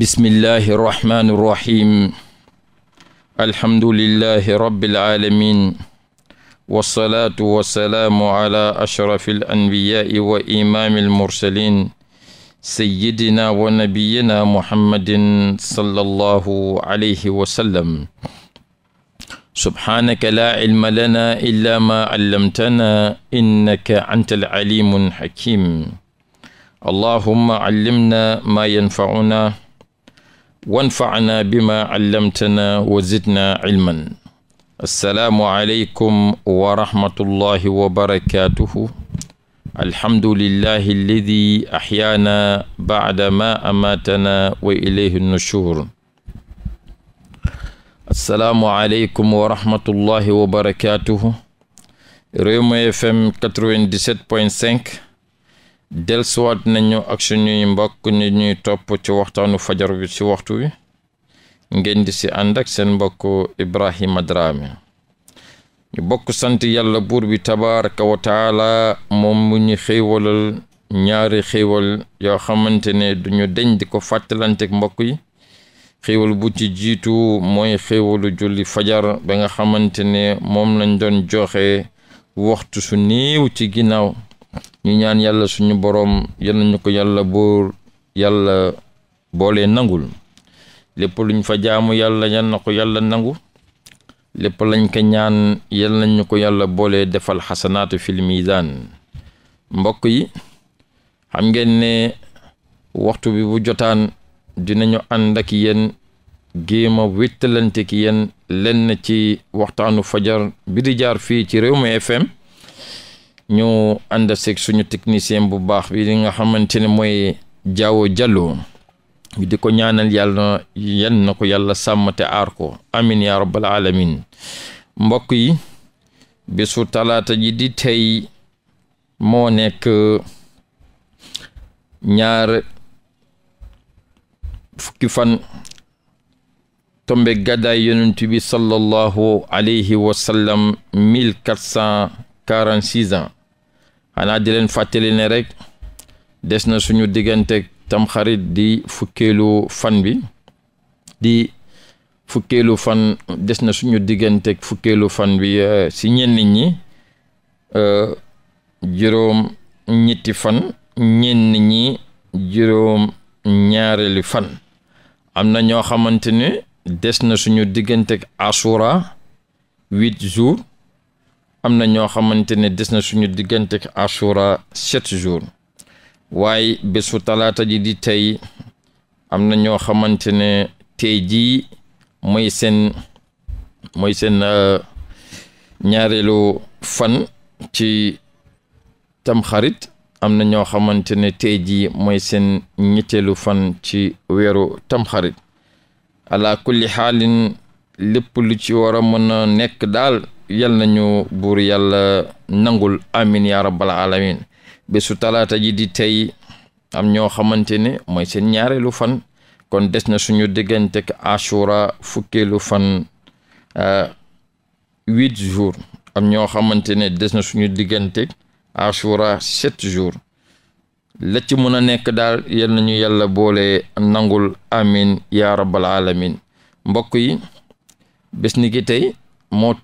bismillahi irrahmani irrahim alhamdulillahi rabbil alamin wasalaatu wasalaamu ala ashrafi alanbiyaai wa imaami almursalin sayyidina wa nabiyina muhammadin sallallahu alayhi wa sallam subhaanaka laa cilma lanaa illaa maa callamtanaa innaka anta alcaliimu alxakiim allahumma callimna maa yanfacunaa wanfaanaa bimaa allamtanaa wa zidnaa ilman assalaamu aleykum wa rahmatullahi wa barakaatuhu alhamdulillahi alladi axyaana bacda ma amaatana wa ilayhi nushur assalaamu aleykum wa rahmatullahi wa barakaatuhu Rewmi FM 97.5 delsuwaat nañu ak suñuy mbokk nit ñuy topp ci waxtaanu fajar bi ci waxtu wi ngeen di si ànd ak seen mbokk Ibrahima Dramé ñu bokk sant yàlla buur bi tabaraka wa taala moom mu ñu xéewalal ñaari xéewal yoo xamante ne duñu deñ ko fàttalanteek mbokk yi xéewal bu ci jiitu mooy xéewalu julli fajar ba nga xamante ne moom lañ doon joxe waxtu su néew ci ginnaaw ñu ñaan yàlla suñu boroom yal nañu ko yàlla buur boole nangul lépp luñ fa jaamu yàlla yal na ko yàlla nangu lépp lañ ko ñaan yal ñu ko yàlla boole defal xasanaatu fil miizaan mbokk yi xam ngeen ne waxtu bi bu jotaan dinañu ànd ak yéen géema wéttalante ki ci waxtaanu fajar bi di jaar fii ci Rewmi FM ñu ànd seeg suñu technicien bu baax bi li nga xamante ne mooy jaawo jàlloo di ko ñaanal yàlla yan na ko yàlla sàmm arko aar ko amin ya rabbal alamin mbokk yi bésu talaata ji di tey moo nekk ñaar fukki fan tombe gàddaay yonent bi sallallahu alayhi wa sallam xanaa di leen fàttali ne rek des na suñu diggante tamxarit di fukkeelu fan bi di fukkeelu fan des na suñu diggante fukkeelu fan bi euh, si ñenn ñi euh, juróom ñetti fan ñenn ñi juróom ñaareelu fan am na ñoo xamante ne des na suñu diggante asura huit jours am na ñoo xamante ne des na suñu diggante ak ashura sept jours waaye bésu talaata ji di tey am na ñoo xamante ne tey jii mooy seen mooy seen euh, ñaareelu fan ci tamxarit am na ñoo xamante ne tey jii mooy seen ñetteelu fan ci weeru tamxarit ala kulli xaalin lépp lu ci war a mën a nekk daal yal nañu buur yàlla nangul amin ya rabbal alamin bésu talaata ji di tey am ñoo xamante ne mooy seen ñaareelu fan kon des na suñu diggante ak ashura fukkeelu fan euh, huit jours am ñoo xamante ne des na suñu diggante ashura sept jours la ci mun a nekk daal yal nañu yàlla boole nangul amin ya alamin mbokk yi bés ni ki tey moo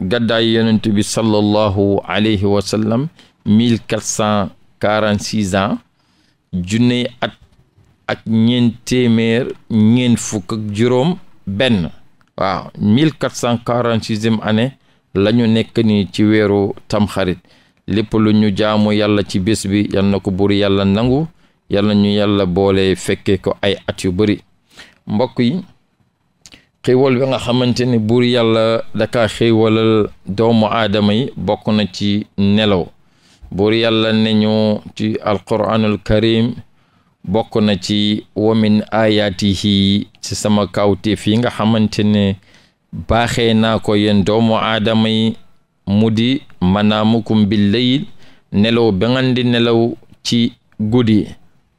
gàddaay yonent bi sallallahu alayhi wa sallam mille quatre cent quarante six ans at ak ñeent téeméer ñeent fukk juróom benn waaw mille quatre cent quarante sixième année la ñu nekk nii ci weeru tamxarit lépp lu ñu jaamu yàlla ci bés bi yal na ko buur yàlla nangu yal na ñu yàlla boole fekke ko ay at yu bari mbokk yi xéwal bi nga xamante ne buur yàlla dakaa xéwalal doomu aadama yi bokk na ci nelaw buur yàlla ne ñu ci alquranul karim bokk na ci wamin ayaatihi ci sama kawteef yi nga xamante ne baaxee naa ko yéen doomu aadama yi mu di manaamukum bil layl nelaw ba ngeen nelaw ci guddi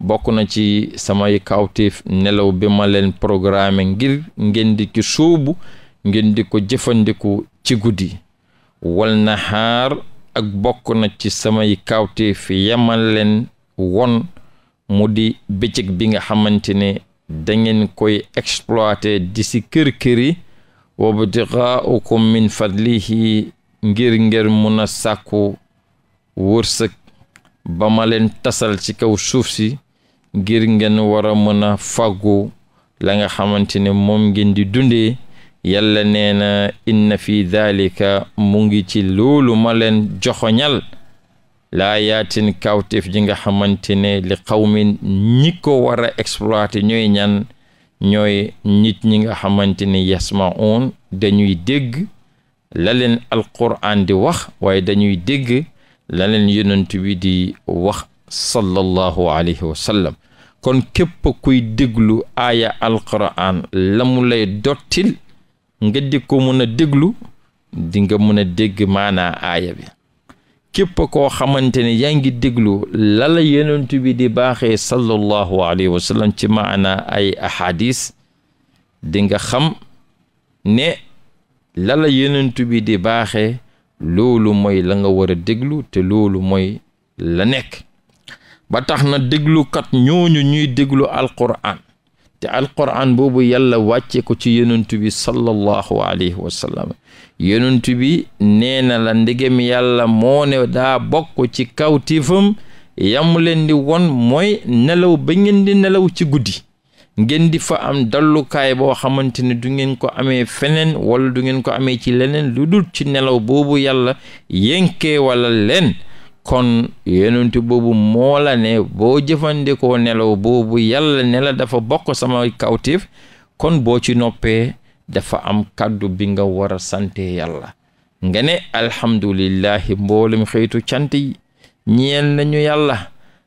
bokk na ci samay kawteef nelaw bi maleen leen programme ngir ngeen di ci suubu ngeen di ko jëfandiku ci guddi wal nahaar ak bokk na ci samay kawteef yamal leen won mu di bëccëg bi nga xamante ne dangeen koy exploite di ci kër-këri wabtigaaukum min fadlihi ngir ngir mun a sàkku wërsëg ba ma leen tasal ci kaw suuf si ngir ngeen war mën a fagu la nga xamante ne moom ngeen di dundee yàlla nee na inna fi daalika mu ngi ci loolu malen joxoñal laa yaatin kawteef ji nga xamante ne li xawmin ñi ko war a exploité ñooy ñan ñooy nit ñi nga xamante ne yasmaun dañuy dégg la leen di wax waaye dañuy dégg la leen yonent di wax sallallahu alayhi wa kon képp kuy déglu aaya alquran la mu lay dottil nga di ko mën a déglu di nga mën a dégg maanaa aaya bi képp koo xamante ne yaa ngi déglu la la yonent bi di baaxee sallallahu alayhi wa ci maanaa ay ahadis di nga xam ne lala la bi di baaxee loolu moy la nga war a déglu te loolu mooy la nekk ba tax na déglukat ñooñu ñuy déglu alquran te alquran boobu yàlla wàcce ko ci yonent bi sallallahu alayhi wa sallam yonent bi nee na la ndegem yàlla moo daa bokk ci kawtifam yamu leen won mooy nelaw ba ngeen nelaw ci guddi ngeen di fa am dallukaay boo xamante ne du ngeen ko amee feneen wala du ngeen ko amee ci leneen lu dul ci nelaw boobu yàlla yénkee wala leen kon yonent boobu moo la ne boo jëfandikoo nelaw boobu yàlla ne la dafa bokk sama kawtif kon boo ci noppee dafa am kàddu bi nga war a sante yàlla nga ne alhamdulillahi mboolem xëytu cant yi ñeel nañu yàlla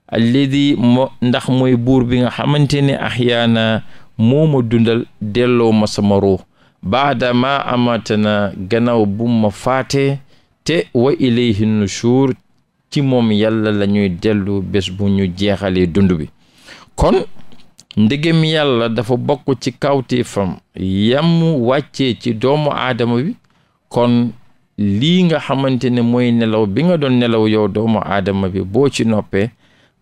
alladi ndax mooy buur bi nga xamante ne axyaana moo ma dundal delloo ma sama ruux baadama amatana gannaaw bu ma faate te wa ilayhi nushuur ci moom yàlla la ñuy dellu bés bu ñu jeexalee dund bi kon ndegem yàlla dafa bokk ci kawteefam yam wàccee ci doomu aadama bi kon lii nga xamante ne mooy nelaw bi nga doon nelaw yow doomu aadama bi boo ci noppee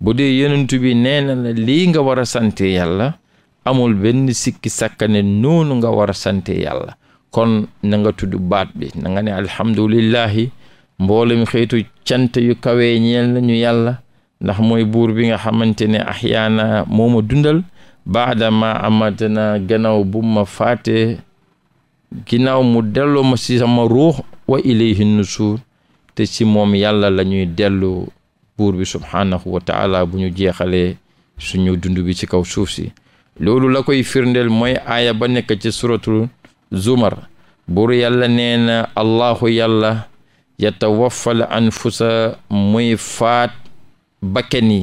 bu de yenentu bi nee na lii nga war a sante yàlla amul benn sikki sakkane noonu nga war a sante yàlla kon na nga tudd baat bi na ne alhamdulillahi mboolem xeetu cant yu kawee ñeel nañu yàlla ndax mooy buur bi nga xamante ne axyaana moo ma dundal baadama amatana gannaaw bu ma faate ginnaaw mu delloo ma ci sama ruux wa ilayhi nusuur te ci moom yàlla la ñuy dellu buur bi subhaanahu wa bu ñu jeexalee suñu dund bi ci kaw suuf si loolu la koy firndeel mooy aaya ba nekk ci suratu zumar buur yàlla nee allahu yàlla yatawaffal anfusa muy faat bakken yi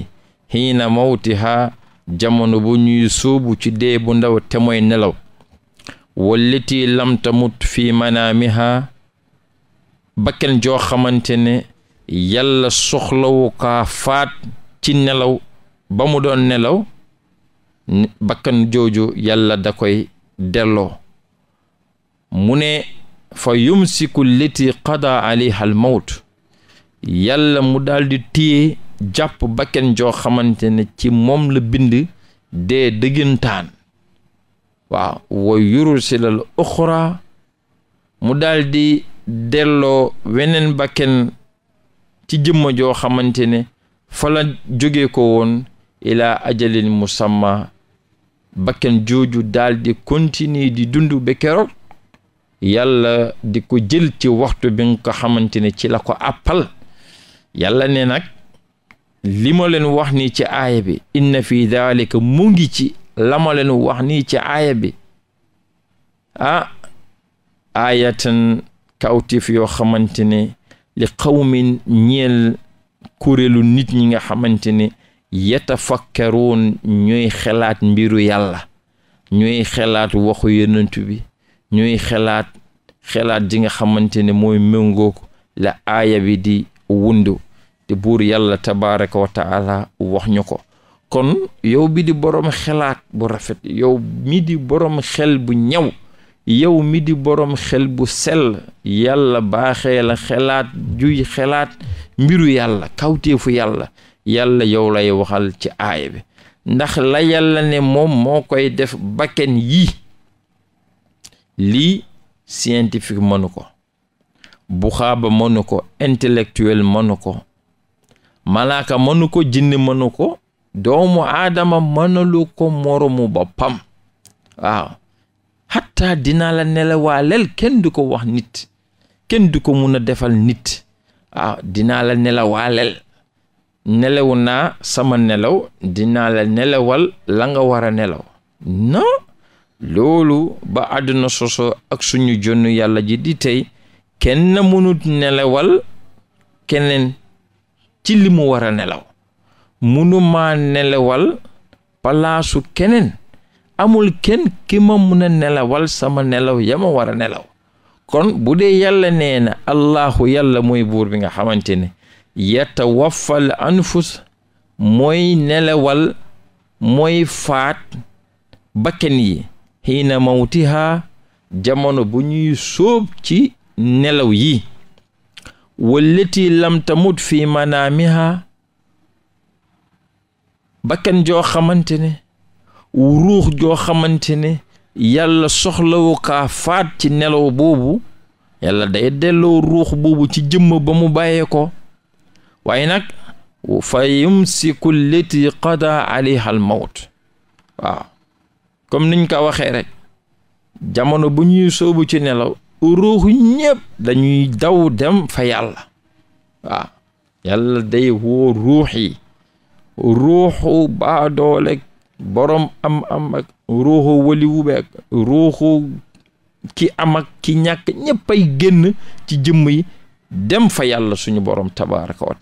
xiina mawtiha jamono bu ñuy suubu ci dee bu ndaw te mooy nelaw walliti lam tamut fi manaamiha bakken joo xamante ne yàlla soxlawu kaa faat ci nelaw ba mu doon nelaw bakkan jooju yàlla da koy delloo mu ne fa yumsiku leti qada alayha al mawt yàlla mu daldi téye jàpp bakken joo xamante ne ci moom la bind dee dëggantaan waaw wa yursilal uxra mu daldi delloo weneen bakken ci jëmma joo xamante ne fa la jóge ko woon ilaa ajalin musamma bakken jooju daldi continuer di dundu ba yàlla di ko jël ci waxtu bi nga ko xamante ne ci la ko àppal yàlla ne nag li ma wax nii ci aaya bi inna fi daalika mu ngi ci la ma wax nii ci aaya bi ah aayatan kawtif yoo xamante ne li qawmin ñeel kuréelu nit ñi nga xamante ne yatafakkaruun ñooy xelaat mbiru yàlla ñooy xelaat waxu yonent bi ñuy xelaat xelaat jinga nga xamante ne mooy méngook la aaya bi di wundu te buur yàlla tabaraka wa taala wax ñu ko kon yow bidi borom boroom xelaat bu rafet yow mi di boroom xel bu ñaw yow mi di boroom xel bu sell yàlla baaxee la xelaat juy xelaat mbiru yàlla kawteefu yàlla yàlla yow lay waxal ci aaya bi ndax la yàlla ne moom moo koy def bakken yi lii scientifique mënu ko buxaaba mënu ko intellectuel mënu ko malaaka mënu ko jinne mënu ko doomu aadama mënalu ko moromu boppam waaw xatta dina la nelawaaleel kenn ko wax nit kenn du ko mun a defal nit waaw dinaa la nelawaaleel nelaw naa sama nelaw dinaa la nelawal la nga war a nelaw loolu ba àdduna soso ak suñu jonn yàlla ji ditey tey kenn mënut nelawal keneen ci li mu war a nelaw mënumaa nelawal palaasu keneen amul kenn ki ma mun nelawal sama nelaw ya ma war a nelaw kon bu dee yàlla nee na allahu yàlla mooy buur bi nga xamante ne yatawaffal anfus mooy nelawal mooy faat bakkan yi xiina mawtiha jamono bu ñuy sóob ci nelaw yi wallati lam tamut fi manaamiha bakkan joo xamante ne ruux joo xamante ne yàlla soxlawu kaa faat ci nelaw boobu yàlla day delloo ruux boobu ci jëmm ba mu bàyyee ko waaye nag fa yumsiku llati qada alayha al mawt waaw comme niñ ko waxee rek jamono bu ñuy sóobu ci nelaw ruuxu ñépp dañuy daw dem fa yàlla yàlla day woo ruux yi ruuxu baadooleeg boroom am am ak ruuxu waliwu beeg ruuxu ki amak ak ki ñàkk ñépp ay génn ci jëmm yi dem fa yàlla suñu boroom tabaraka wa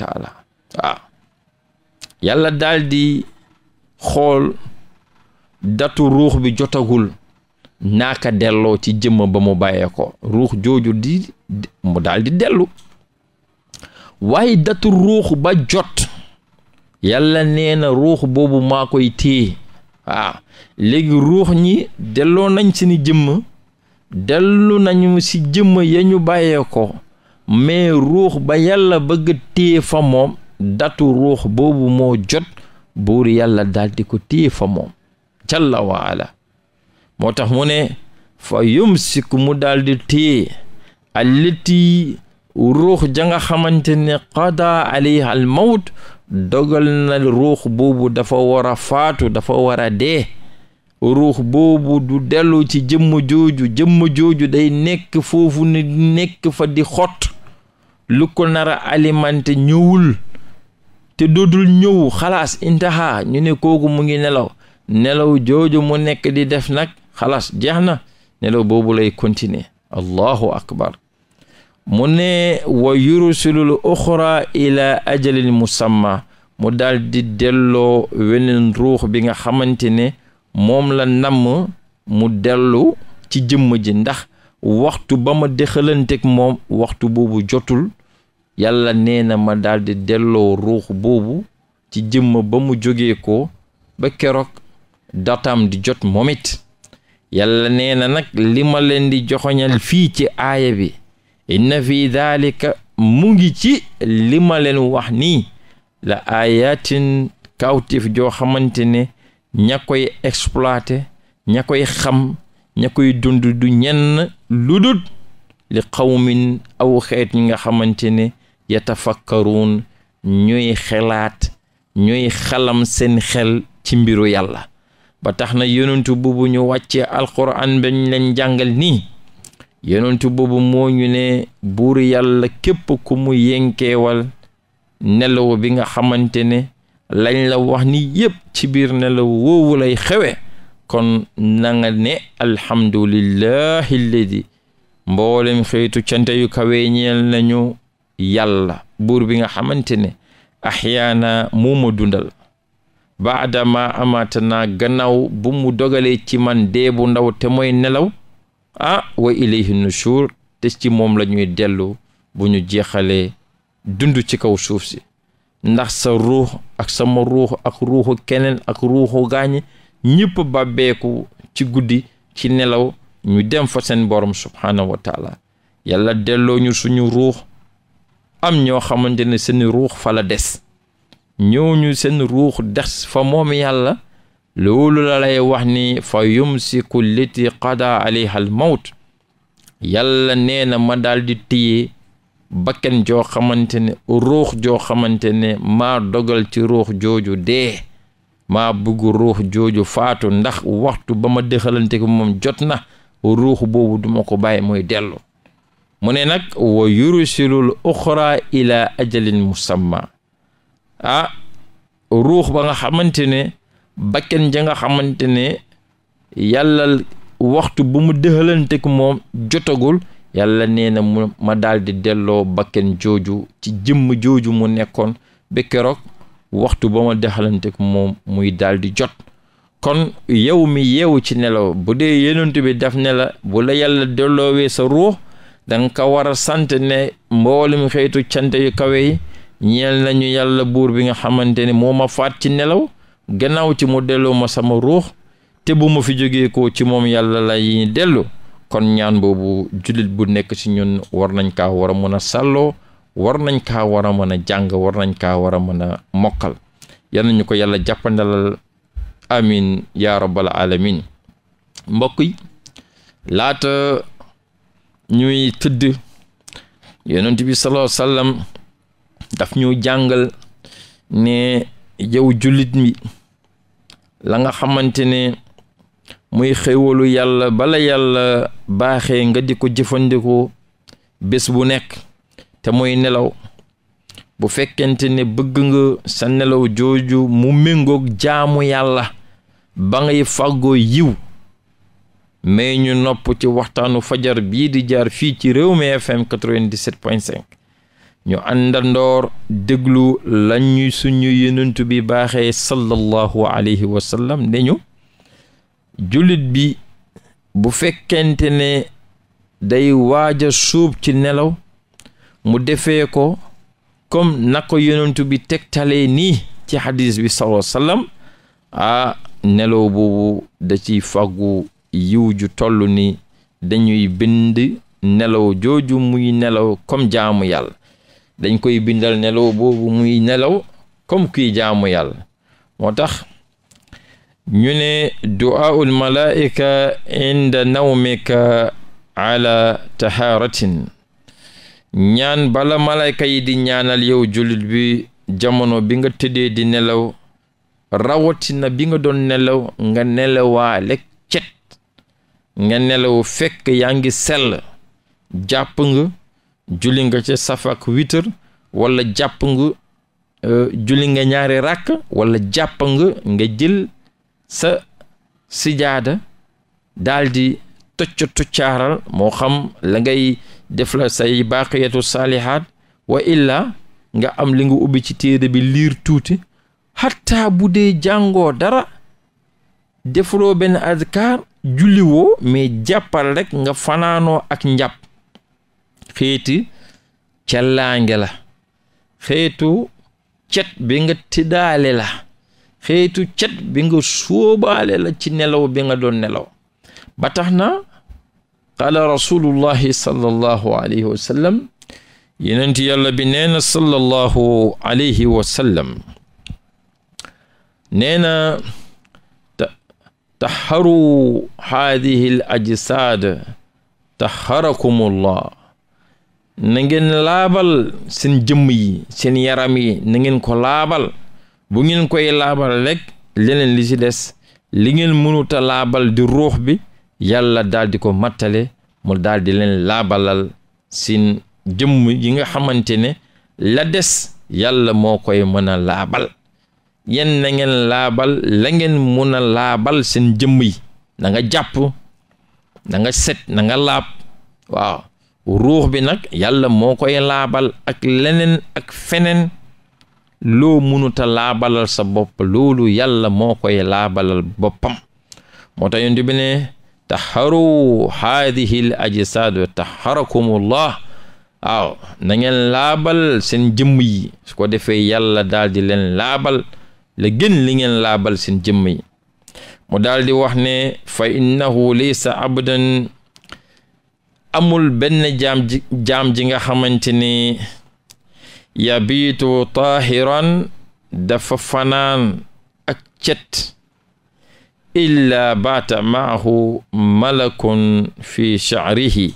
yàlla daal xool datu ruux bi jotagul naaka delloo ci jëmm ba mu bàyyee ko ruux jooju di mu daldi di dellu waaye datu ruux ba jot yàlla nee na ruux boobu maa koy téye léegi ruux ñi delloo nañ seeni jëmm dellu nañu ci jëmm ya ñu bàyyee ko mais ruux ba yàlla bëgg téye fa moom datu ruux boobu moo jot buur yàlla daldi ko téye fa moom jalla wa moo tax mu ne fa yumsiku mu daldi téye allati ruux ja xamante ne qada alayha al dogal na ruux boobu dafa war a faatu dafa war dee ruux boobu du dellu ci jëmm jooju jëmm jooju day nekk foofu ni nekk fa di xott lu ko nar a alimenté te dootul ñëw xalaas intaxa ñu ne kooku mu ngi nelaw nelaw jooju mu nekk di def nag xalaas jeex na nelaw boobu lay continuer allahu akbar mu ne wa yurusulul uxra ila ajalin musamma mu daldi di delloo weneen ruux bi nga xamante ne moom la namm mu dellu ci jëmm ji ndax waxtu ba ma dexalanteeg moom waxtu boobu jotul yàlla nee na ma daldi delloo ruux boobu ci jëmm ba mu jógee ko ba keroog dotam di jot moom it yàlla nee na nag li ma di joxoñal fii ci aaya bi inna fi daalika mu ngi ci li ma wax ni la ayatin kawtif joo xamante ne ña koy exploité ña koy xam ña koy dund du ñenn ludut li qawmin aw xeet ñi nga xamante ne yatafakkaruun ñuy xelaat ñuy xalam seen xel ci mbiru yàlla ba tax na yonentu boobu ñu wàccee alquran bañ leen jàngal nii yonentu mooñu ne buur yàlla képp ku mu yenkeewal nelaw bi nga xamante ne lañ la wax ni yépp ci biir nelaw woowu lay xewe kon na nga ne alhamdulillahi lladi mboolem xeetu cante yu kawe ñeel nañu yàlla buur bi nga xamante ne axyaana moo dundal ba adama baadama amaatana gannaaw bu mu dogalee ci man dee bu ndaw te mooy nelaw ah wa ilayhi nushur te ci moom la ñuy dellu bu ñu jeexalee dundu ci kaw suuf si ndax sa ruux ak sama ruux ak ruuxu keneen ak ruuxu gaañi ñëpp bàbbeeku ci guddi ci nelaw ñu dem fa seen borom subhaanahu wa taala yàlla delloo ñu suñu ruux am ñoo xamante ne seeni ruux fala des ñëw ñu seen ruux des fa moom yàlla loolu la wax ni fa yumsiku liti qada alayha al mawt yàlla nee na ma daldi di téye bakken joo xamante ne ruux joo xamante ne ma dogal ci ruux jooju dee ma bëgg ruux jooju faatu ndax waxtu bama ma ko moom jot na ruux boobu duma ko bàyyi mooy dellu mu ne nag wa yurusilul uxra ila ajalin musamma ah ruux ba nga xamante ne bakken ja nga xamante ne yàlla waxtu bu mu dëxalantek moom jotagul yàlla nee na mu ma daldi delloo bakken jooju ci jëmm jooju mu nekkoon ba keroog waxtu ba ma dëxalantek moom muy daldi jot kon yow mi yeewu ci nelaw bu dee yenentu bi daf ne la bu la yàlla delloowee sa ruux danga nga ko war a sant ne mboolem xeetu cant yu kawe yi ñeel nañu yàlla buur bi nga xamante ne moo ma faat ci nelaw gannaaw ci mu delloo ma sama ruux te bu ma fi jógee ko ci moom yàlla lay dellu kon ñaan boobu jullit bu nekk ci ñun war nañ kaa war a mën a salloo war nañ kaa a mën a jàng war nañ kaa war a mën a mokkal yal nañu ko yàlla jàppandal amin yaa rabbal alamin mbokk yi laata ñuy tëdd yonent bi sallallahu daf ñu jàngal ne yow jullit mi la nga xamante ne muy xéwalu yàlla bala yàlla baaxee nga di ko jëfandikoo bés bu nekk te mooy nelaw bu fekkente ne bëgg nga sa nelaw jooju mu méngoog jaamu yàlla ba ngay faggoo yiw mais ñu nopp ci waxtaanu fajar bii di jaar fii ci réew mi FM 97.5 ñu àndandoor déglu lañu suñu yenentu bi baaxee sallallahu alayhi wa sallam ñu jullit bi bu fekkente ne day waaja suub ci nelaw mu defee ko comme na ko bi tegtalee nii ci hadis bi sallallahu sallam ah nelaw boobu da ci fàggu yiw ju toll ni dañuy bind nelaw jooju muy nelaw kom jaamu yàlla dañ koy bindal nelaw boobu muy nelaw comme kuy jaamu yàlla moo tax ñu ne du'aaul malaika inda nawmika ala taharatin ñaan bala malayka yi di ñaanal yow jullit bi jamono bi nga tëddee di nelaw rawatina bi nga doon nelaw nga nelawaale cet nga nelaw fekk yaa ngi sell jàpp nga julli nga ca safak witar walla jàpp nga euh, julli nga ñaari ràkk walla jàpp nga nga jël sa sijaada daldi di tocc moo xam la ngay defla la say baqiyatu saalihaat wa illa nga am li nga ubbi ci téere bi liir tuuti hatta bu dee jàngoo dara defuloo benn adkaar julli woo mais jàppal rekk nga fanaanoo ak njàpp xeeti callaange la xeetu cet bi nga tiddaale la xeetu cet bi nga la ci nelaw bi nga doon nelaw ba tax na qaala rasulullahi sallallahu alayhi wa sallam yenent yàlla bi nee na sallallahu alayhi wa sallam nee na taxaru haadihi l na laabal seen jëmm yi seen yaram yi nangeen ko laabal bu ngeen koy laabal lekk leneen li ci des li ngeen mënuta laabal di ruux bi yàlla daldi ko mattale mu daldi leen laabalal seen jëmm yi nga xamante ne la des yàlla moo koy mën a laabal yen na ngeen laabal la ngeen mun a laabal seen jëmm yi na nga jàpp na set na nga laab waaw ruux bi nag yàlla moo koy laabal ak leneen ak feneen loo munuta laabalal sa bopp loolu yàlla moo koy laabalal boppam moo tax yonent bi ne taxaru haadihi l ajsaadu taxarakumullah waaw na ngeen laabal seen jëmm yi su ko defee yàlla daal di leen laabal la gën li ngeen laabal seen jëmm yi mu wax ne fa innahu laysa abdan amul benn jaam ji nga xamante ni yabiitu taahiran dafa fanaan ak cet illaa baata maahu malakun fi sha'rihi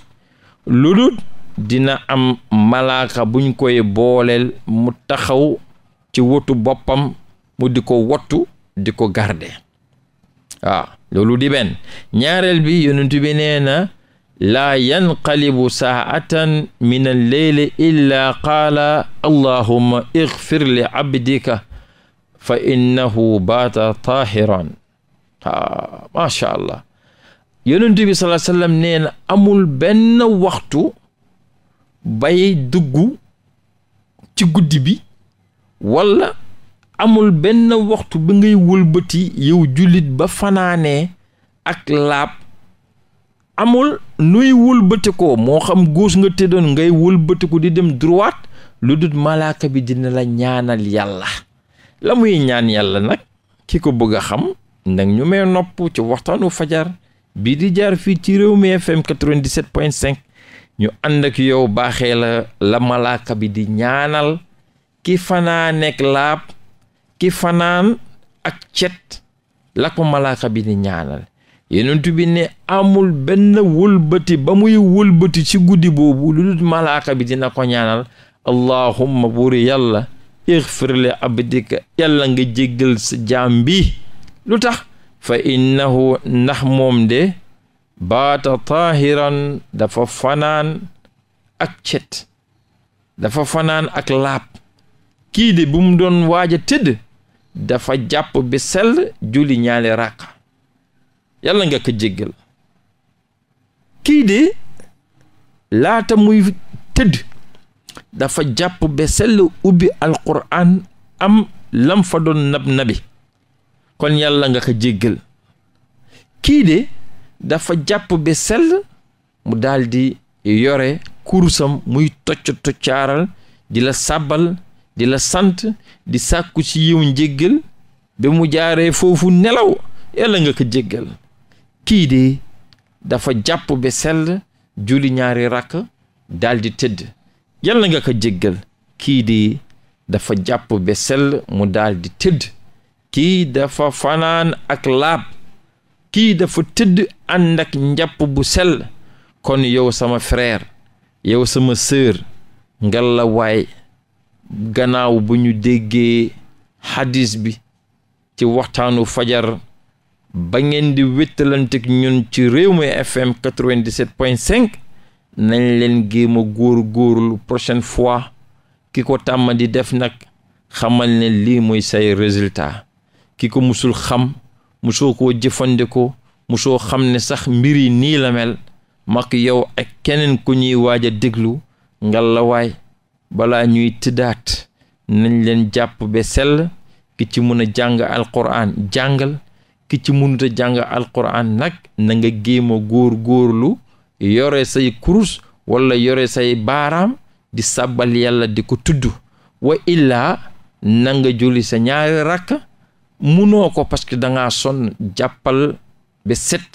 ludut dina am malaaka buñ koy boolel mu taxaw ci wotu boppam mu di ko wottu di ko garde waaw loolu di benn ñaareel bi yonent bi nee na laa yanqalibu saatan min alleyli illa qaala allahuma ixfir li abdika fa innahu baata taahiran a macha allah yonent bi salaa sallam nee na amul benn waxtu bay dugg ci guddi bi walla amul benn waxtu bi ngay wëlbati yow jullit ba fanaane ak laab amul nuy wëlbatikoo moo xam gauche nga tëddoon ngay wëlbatiku di dem droite lu dut malaaka bi dina la ñaanal yàlla la muy ñaan yàlla nag ki ko bëgg a xam nag ñu may nopp ci waxtaanu fajar bii di jaar fii ci réew mi FM 97.5 ñu ànd ak yow baaxee la la malaaka bi di ñaanal ki fanaan ak laab ki fanaan ak cet la ko malaaka bi di ñaanal yonent bi ne amul benn wëlbati ba muy wëlbati ci guddi boobu lu dul malaaka bi dina ko ñaanal allahumma buuri yàlla ixfir li abdika yàlla nga jéggal sa jaam bi lu tax fa innahu ndax moom de baata taahiran dafa fanaan ak cet dafa fanaan ak laab kii de bum doon waaj tëdd dafa jàpp bi sel juli ñaali ràqa yàlla nga ko jéggal kii de laata muy tëdd dafa jàpp ba sell ubbi alquran am lam fa doon nab nabi kon yàlla nga ko jéggal kii de dafa jàpp ba sell mu daldi yore kurusam muy tocc toccaaral di la sàbbal di la sant di sàkku ci yiw njéggal ba mu jaaree foofu nelaw yàlla nga ko jéggal kii de dafa jàpp be sell julli ñaari rakk daldi tëdd yàlla nga ko jéggal kii de dafa jàpp be sell mu daldi tëdd kii dafa fanaan ak laab kii dafa tëdd ànd ak njàpp bu sell kon yow sama frère yow sama sœur ngalla gannaaw bu ñu déggee xaddis bi ci waxtaanu fajar ba ngeen di wéttalantek ñun ci réew mi fm 97.5 nañ leen géem a góor góorlu prochaine fois ki ko tàmm def nag xamal ne lii mooy say résultat ki ko musul xam musoo koo jëfandikoo musoo xam ne sax mbir yi nii la mel mak yow ak keneen ku ñuy waaj a déglu ngal la balaa ñuy tëddaat nañ leen jàpp ba sell ki ci mën a jàng alquran jàngal ki ci mënut jàng alquran nag na nga géem góor góorlu yore say kurus walla yore say baaraam di sabbal yàlla di ko tudd wa illaa na nga julli sa ñaari rakk mënoo ko parce que dangaa sonn jàppal ba set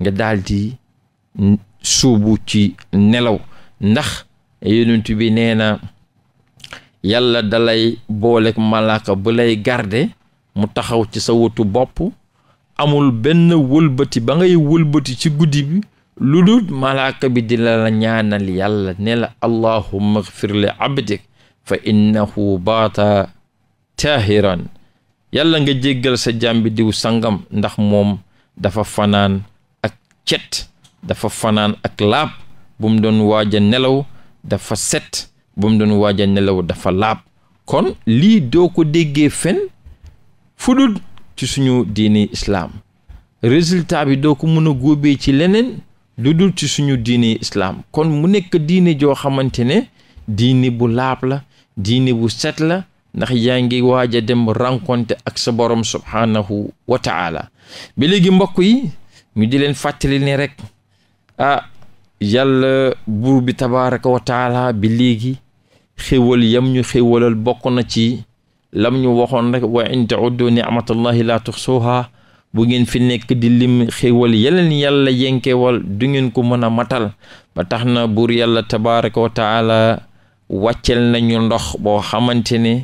nga daldi di suubu ci nelaw ndax yonent bi nee na yàlla dalay booleek malaaka bu lay garde mu taxaw ci sa wutu bopp amul benn wëlbati ba ngay wëlbati ci guddi bi lu dul malaaka bi di la ñaanal yàlla ne la allahumma gfir li abdik fa inna innahu baata tahiran yàlla nga jéggal sa jàmbi diw sangam ndax moom dafa fanaan ak cet dafa fanaan ak laab bu mu doon waaja nelaw dafa set bu doon waaja nelaw dafa laab kon lii doo ko déggee fen fudul ci suñu diini islaam résultat bi doo ko mën a góobee ci leneen lu dul ci suñu diini islaam kon mu nekk diini joo xamante ne diini bu laab la diini bu set la ndax yaa ngi waaj a dem rencontre ak sa borom subhaanahu wa taala ba léegi mbokk yi ñu di leen fàttali ne rek a ah, yàlla buur bi tabaaraka wa bi léegi xéwal yam ñu xéwalal bokk na ci lam ñu waxoon rek wa in tauddu nicmatallahi laa tuxsuha bu ngeen fi nekk di lim xéwal yeleen yàlla yenkewal du ngeen ko mën a matal ba tax na buur yàlla tabaraka wa taala wàccel nañu ndox boo xamante ne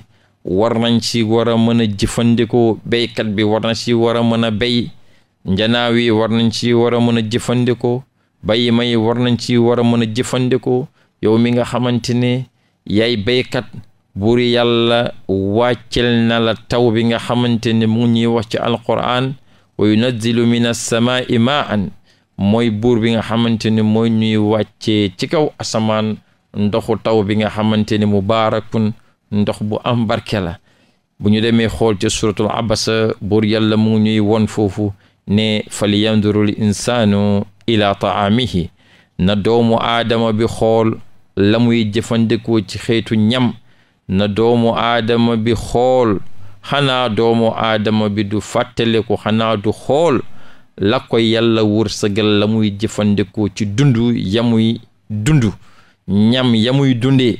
war nañ si war a mën a jëfandikoo béykat bi war na si war a mën a béy njanaaw yi war nañ si war a mën a jëfandikoo bayi may war nañ si war a mën a jëfandikoo yow mi nga xamante ne yaay béykat buur yàlla wàccel na la taw bi nga xamante ne mu ñuy wax ci alquran wa yunazzilu min assamaa'i ma'an mooy buur bi nga xamante ne mooy ñuy wàccee ci kaw asamaan ndoxu taw bi nga xamante ne mubaarakun ndox bu am barke la bu ñu demee xool ci suratul abasa buur yàlla mu ñuy won foofu ne falyandurul insaanu ila taamihi na doomu aadama bi xool la muy jëfandikoo ci xeetu ñam na doomu aadama bi xool xanaa doomu aadama bi du ko xanaa du xool la ko yàlla wërsëgal la muy jëfandikoo ci dund yamuy dund ñam yamuy dundee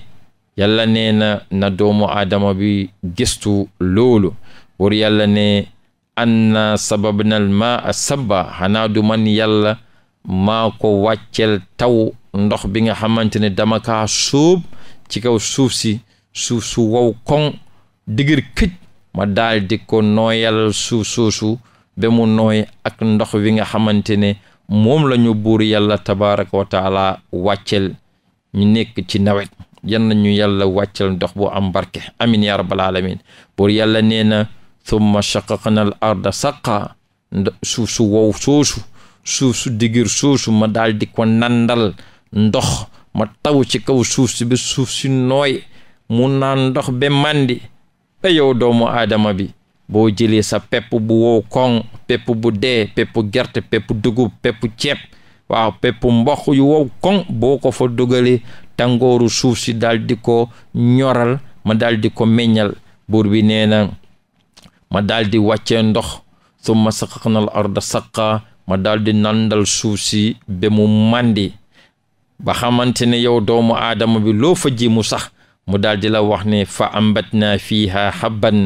yàlla nee na na doomu aadama bi gëstu loolu wur yàlla ne anna sababnal maa sabba xanaa du man yàlla maa ko wàccel taw ndox bi nga xamante ne dama ci kaw suuf si suuf su wow koŋ dëgër këj ma daldi di ko nooyal suuf soosu ba mu nooy ak ndox wi nga xamante ne moom lañu buur yàlla tabaraka wa taala wàccel ñu nekk ci nawet yan nañu yàlla wàccel ndox bu am barke amin ya rabbal alamin buur yàlla nee na thumma shaqaqna al arda saqa suuf su wow soosu suuf su digir soosu ma daldi ko nandal ndox ma taw ci kaw suuf si ba suuf si nooy mu naan ndox ba màndi yow doomu aadama bi boo jëlee sa pepp bu wow koŋ pepp bu dee pepp gerte pepp dugub peppu ceeb waaw pepp mboq yu wow koŋ boo ko fa dugalee tàngooru suuf si daal ko ñoral ma daldi ko meññal buur bi nee na ma daldi di ndox summa saqaqna al arda saqa ma daldi nandal suuf si ba mu màndi ba xamante ne yow doomu aadama bi loo fa ji mu sax mu daal di la wax ne fa ambatna fiha habban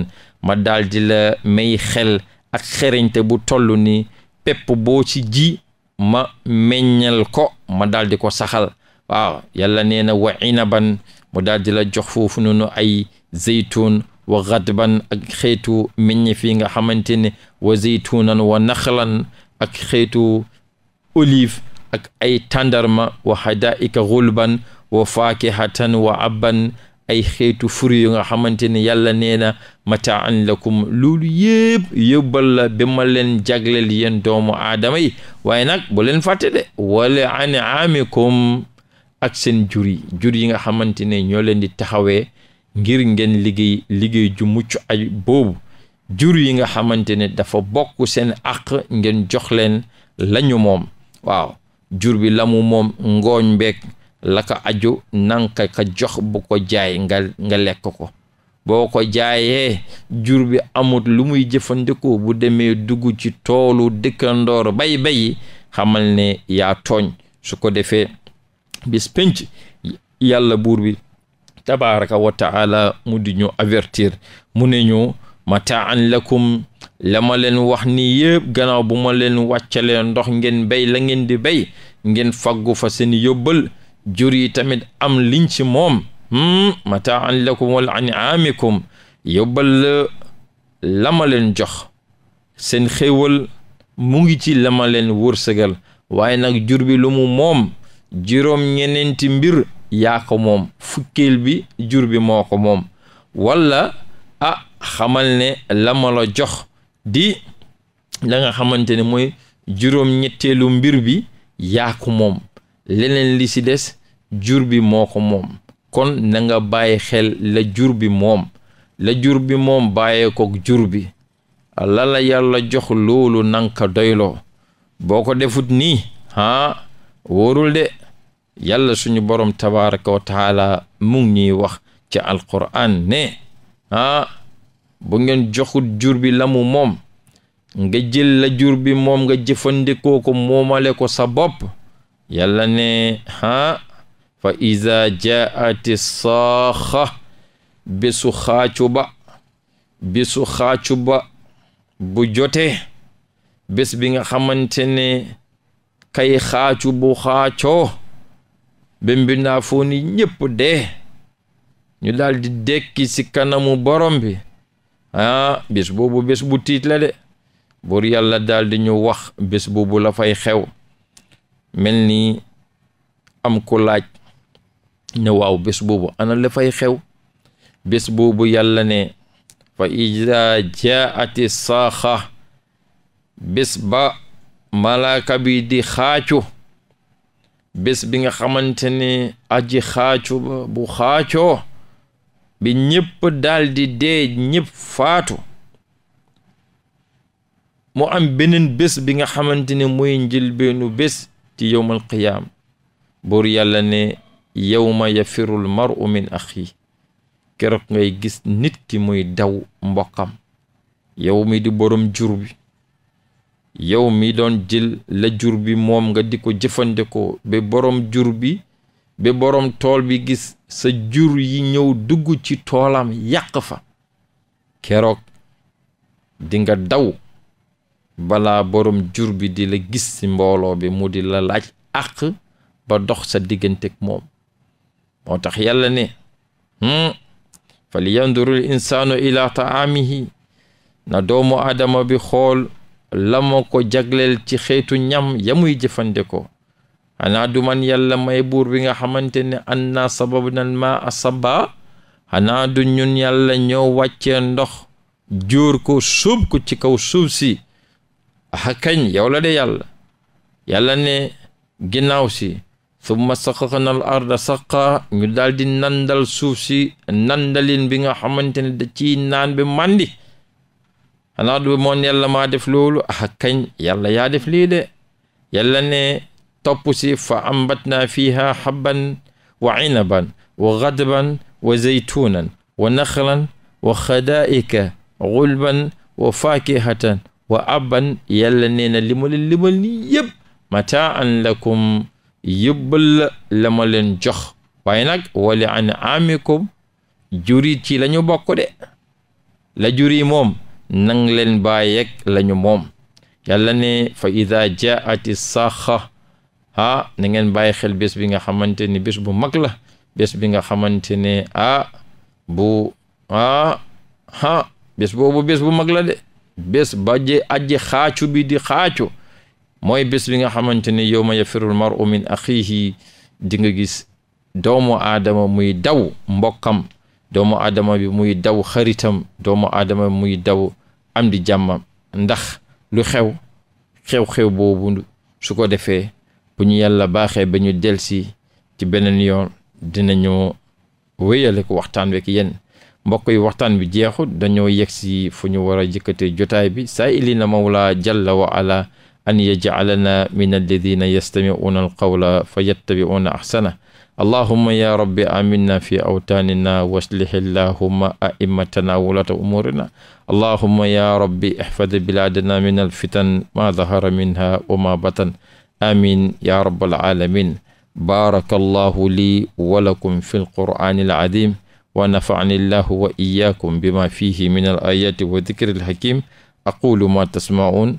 ma daal la may xel ak xereñte bu toll ni pepp boo ci ji ma meññal ko ma daldi ko saxal waaw yàlla nee na wa inaban mu daal di la jox foofu noonu ay zeytuun wa xadban ak xeetu meññeef fi nga xamante ne wa zeytuunan wa naxlan ak xeetu olive ak ay tàndarma wa hadaika xulban wa faakihatan wa abban ay xeetu fruit yu nga xamante ne yàlla nee na mataan lakum loolu yëpp yóbbal la ba ma leen jagleel yéen doomu aadama yi waaye nag bu leen fàtte de wala anaamikum ak seen jur yi jur nga xamante ne ñoo leen di taxawee ngir ngen liggéey liggéey ju mucc ay boobu jur yi nga xamante ne dafa bokk seen àq ngen jox leen lañu moom waaw jur lamu moom ngooñ beeg la ko aju nanka ka jox bu ko jaay nga lekk ko boo ko jaayee jur bi amut lu muy jëfandikoo bu demee dugg ci toolu dëkkandoor bay bay xamal ne yaa tooñ su ko defee bis penc yàlla buur bi tabaraka wa mu di avertir mu ne ñu mataan lakum wax ni yëpp gannaaw bu ma leen wàccalee ndox ngeen bay la ngeen di bay ngeen faggu fa seen yóbbal jur yi tamit am liñ ci moom hmm, mataan lakum wala anaamikum yóbbal la lama leen jox seen xéewal mu ngi ci lama leen waaye nag jur bi lu moom juróom ñeneenti mbir yaako moom fukkeel bi jur bi moo moom wala ah xamal ne lama jox di la nga xamante ne mooy juróom mbir bi yaa moom leneen li ci des jur bi moo moom kon nanga nga xel la jur bi moom la jur bi moom bàyyee ko jur bi la la yàlla jox loolu nanga ko doyloo boo ko defut nii ah wóorul de yàlla suñu borom tabaraka wa taala mu ngi ñuy wax ci alquran ne ah bu ngeen joxut jur bi la mu moom nga la jur bi moom nga jëfandikoo ko moomale ko sa bopp ne ah fa iza jaati saaxa bésu xaacu ba bésu xaacu ba bu jote bés bi nga xamante ne kay xaacu bu xaacoo ba mbindaa ni ñépp dee ñu daldi dekki ci kanamu borom bi ah bés boobu bés bu tiit la de yàlla daldi ñu wax bés boobu la fay xew mel ni am ku ne waaw bés boobu ana la xew bés boobu yàlla ne fa ida jaati saaxa bés ba malaaka bi di xaacu bés bi nga xamante ne aji xaacu bu xaacoo bi ñëpp daldi dee ñëpp faatu mu am beneen bés bi nga xamante ne mooy njëlbeenu bés ci yowmal qiyaam buur yàlla ne yawma yafirul mar'u min axi keroog ngay gis nit ki muy daw mbokkam yow mi di borom jur bi yow mi doon jël la jur bi moom nga di ko jëfandikoo ba boroom jur bi ba boroom tool bi gis sa jur yi ñëw dugg ci toolam yàq fa keroog dinga daw balaa boroom jur bi di la gis ci mbooloo bi mu di la laaj àq ba dox sa digganteeg moom moo tax yàlla ne hmm, fal yandurul insaanu ila taamihi na doomu aadama bi xool la ma ko jagleel ci xeetu ñam yamuy jëfandikoo xanaa du man yàlla may buur bi nga xamante ne an naa sabab nan ma a saba xanaa du ñun yàlla ñoo wàccee ndox jóor ko suub ko ci kaw suuf si axakañ yow la de yàlla yàlla ne ginnaaw si summa saxaxna al arda saqa ñu daal nandal suuf nandalin bi nga xamante ne da ciy naan bi moon yàlla maa def loolu ah kañ yàlla yaa def lii de yàlla ne topp si fa ambatna fiha xabban wa inaban wa gadban wa zeytunan wa naxlan wa xadaa'ika gulban wa faakihatan wa abban yàlla nee na limal limal ni yëpp lakum yóbbal la la leen jox waaye nag wali an amikum jur yi ci la de la jur yi moom nang leen bàyyeeg lañu moom yàlla ne fa ida jaati saxa ah na ngeen bàyyi xel bés bi nga xamante ni bés bu mag la bés bi nga xamante ne bu ah ah bés boobu bés bu mag la de bés ba je aji xaacu bi di xaacu mooy bés bi nga xamante ne yow ma yafirul maru min axiihi di nga gis doomu aadama muy daw mbokkam doomu aadama bi muy daw xaritam doomu aadama bi muy daw am di jàmmam ndax lu xew xew-xew boobu su ko defee bu ñu yàlla baaxee ba ñu delsi ci beneen yoon dinañu wéyale ko waxtaan wek yéen mbokk yi waxtaan bi jeexut dañoo yegg si fu ñu war a jëkkatee jotaay bi saa ili na mawla jalla wa ala an yajcalana min alladina yastamicuuna alqawla fa yattabicuuna axsana allahuma ya rabbi aminna fi awtaanina waslih allahuma aimatana wulata umuurina allahuma ya rabbi ixfad bilaadana min alfitan ma dahara minha wa ma batan amin ya rabbal alamin baaraka allahu lii wa lakum fi alqur'aani alcadiim wa nafacani allahu wa iyaakum bima fihi min alayaati wa dikri alxakiim aqulu ma tasmacuun